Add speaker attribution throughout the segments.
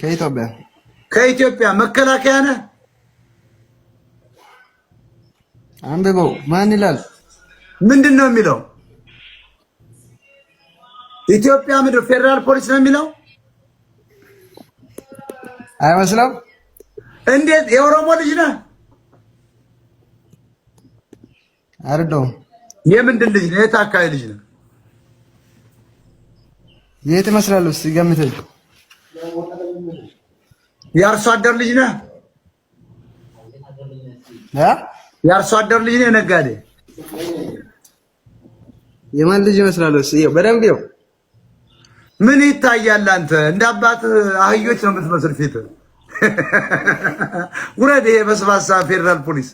Speaker 1: ከኢትዮጵያ
Speaker 2: ከኢትዮጵያ መከላከያ ነህ።
Speaker 1: አንብበው። ማን ይላል?
Speaker 2: ምንድን ነው የሚለው? ኢትዮጵያ ምድር ፌዴራል ፖሊስ ነው የሚለው አይመስለም። እንዴት የኦሮሞ ልጅ ነህ? አይደለሁም። የምንድን ልጅ ነው? የት አካባቢ ልጅ ነው?
Speaker 1: የት እመስላለሁ? እስኪ ገምተኝ
Speaker 2: የአርሶ አደር ልጅ ነህ? የአርሶ አደር ልጅ ነህ? ነጋዴ
Speaker 1: የማን ልጅ ይመስላል? እስየው በደንብ ይው።
Speaker 2: ምን ይታያል? አንተ እንደ አባት አህዮች ነው የምትመስል ፊት። ውረድ። ይሄ በስባሳ ፌዴራል ፖሊስ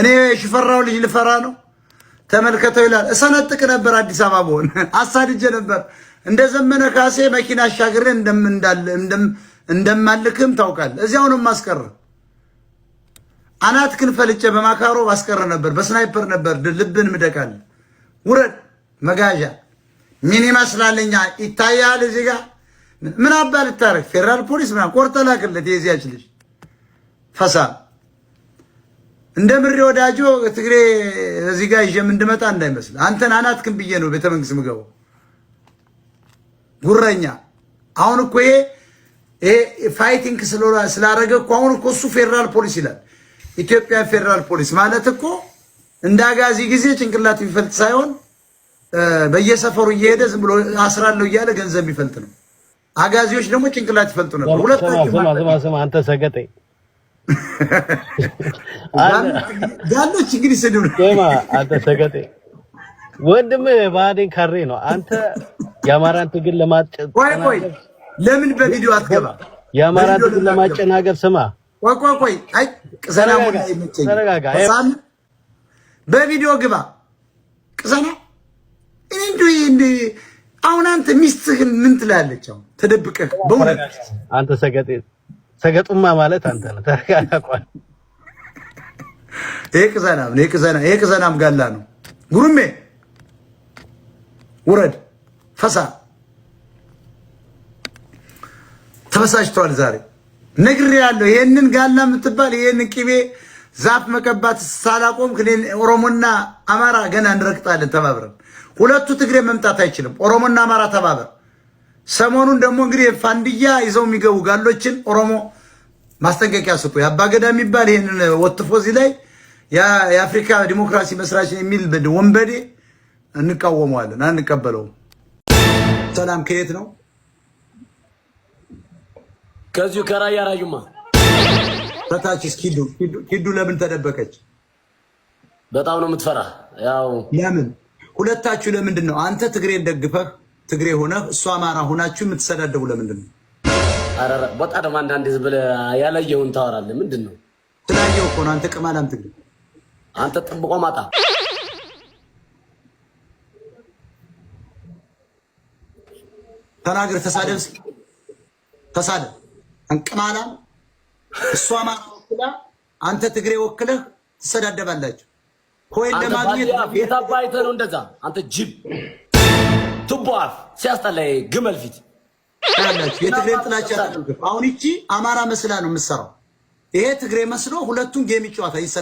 Speaker 2: እኔ ሽፈራው ልጅ ልፈራ ነው። ተመልከተው ይላል። እሰነጥቅ ነበር አዲስ አበባ በሆነ አሳድጄ ነበር እንደ ዘመነ ካሴ መኪና አሻግሬ እንደማልክም ታውቃል። እዚያው ነው የማስቀር። አናት ክን ክንፈልጬ በማካሮ ባስቀረ ነበር፣ በስናይፐር ነበር ልብን ምደቃል። ውረድ መጋዣ ምን ይመስላልኛ ይታያል። እዚህ ጋር ምን አባ ልታረግ ፌዴራል ፖሊስ ምናምን ቆርጠህ ላክለት። የዚያች ልጅ ፈሳ እንደ ምሬ ወዳጆ ትግሬ እዚህ ጋር ይዤ እንድመጣ እንዳይመስል አንተን አናት ክን ብዬ ነው ቤተ ቤተመንግስት ምገባው ጉረኛ። አሁን እኮ ይሄ ይሄ ፋይቲንግ ስላደረገ እኮ አሁን እኮ እሱ ፌዴራል ፖሊስ ይላል። ኢትዮጵያ ፌዴራል ፖሊስ ማለት እኮ እንደ አጋዚ ጊዜ ጭንቅላት የሚፈልጥ ሳይሆን በየሰፈሩ እየሄደ ዝም ብሎ አስራለሁ እያለ ገንዘብ የሚፈልጥ ነው። አጋዚዎች ደግሞ ጭንቅላት ይፈልጡ
Speaker 1: ነበር። ሁለታችሁ አንተ ሰገጤ
Speaker 2: ዳሎች እንግዲህ ስድብ
Speaker 1: ነው። አንተ ሰገጤ ወንድምህ ባህዴን ካሬ ነው አንተ የአማራን ትግል ለማጨናገፍ
Speaker 2: ቆይ ቆይ፣ ለምን በቪዲዮ አትገባ?
Speaker 1: የአማራን ትግል ለማጨናገር ስማ፣
Speaker 2: ቆይ ቆይ ቆይ፣ አይ ቅዘና ሙላ ይመቸኝ፣ በቪዲዮ ግባ ቅዘና። እኔ እንዱ እንደ አሁን አንተ ሚስትህን ምን ትላለች? አሁን ተደብቀህ በእውነት
Speaker 1: አንተ ሰገጤ ሰገጡማ ማለት አንተ ነህ። ተረጋጋ ቆይ።
Speaker 2: ይሄ ቅዘናም ይሄ ቅዘናም ጋላ ነው። ጉሩሜ ውረድ ፈሳ ተበሳጭተዋል። ዛሬ ንግር ያለው ይሄንን ጋላ የምትባል ይህን ቂቤ ዛፍ መቀባት ሳላቆም ኦሮሞና አማራ ገና እንረግጣለን ተባብረን። ሁለቱ ትግሬ መምጣት አይችልም። ኦሮሞና አማራ ተባበር። ሰሞኑን ደግሞ እንግዲህ ፋንድያ ይዘው የሚገቡ ጋሎችን ኦሮሞ ማስጠንቀቂያ ስጡ። የአባገዳ የሚባል ይህንን ወትፎ እዚህ ላይ የአፍሪካ ዲሞክራሲ መስራችን የሚል ወንበዴ እንቃወመዋለን፣ አንቀበለውም። ሰላም ከየት ነው? ከዚሁ ከራያ ራዩማ በታችስ ኪዱ ኪዱ ለምን ተደበቀች? በጣም ነው የምትፈራ። ያው ለምን ሁለታችሁ ለምንድን ነው አንተ ትግሬን ደግፈህ ትግሬ ሆነህ እሷ አማራ ሆናችሁ የምትሰዳደቡ ለምንድን ነው? አረረ ወጣ ደግሞ አንዳንዴ ዝም ብለህ ያላየውን ታወራለህ። ምንድን ነው ስላየው እኮ ነው አንተ ቅማላም ትግሬ አንተ ጥብቆ ማጣ ተናገር፣ ተሳደብ፣ ተሳደብ። እንቅማላ እሷ አማራ ወክላ አንተ ትግሬ ወክለህ ትሰዳደባላችሁ። ኮይን ለማግኘት ቤት ነው እንደዛ። አንተ ጅብ ቱቦ አፍ ሲያስጠላ ግመል ፊት ያላችሁ የትግሬን ጥላቻ አሁን ይቺ አማራ መስላ ነው የምትሰራው። ይሄ ትግሬ መስሎ ሁለቱን ጌም ይጫወታል ይሰዳል።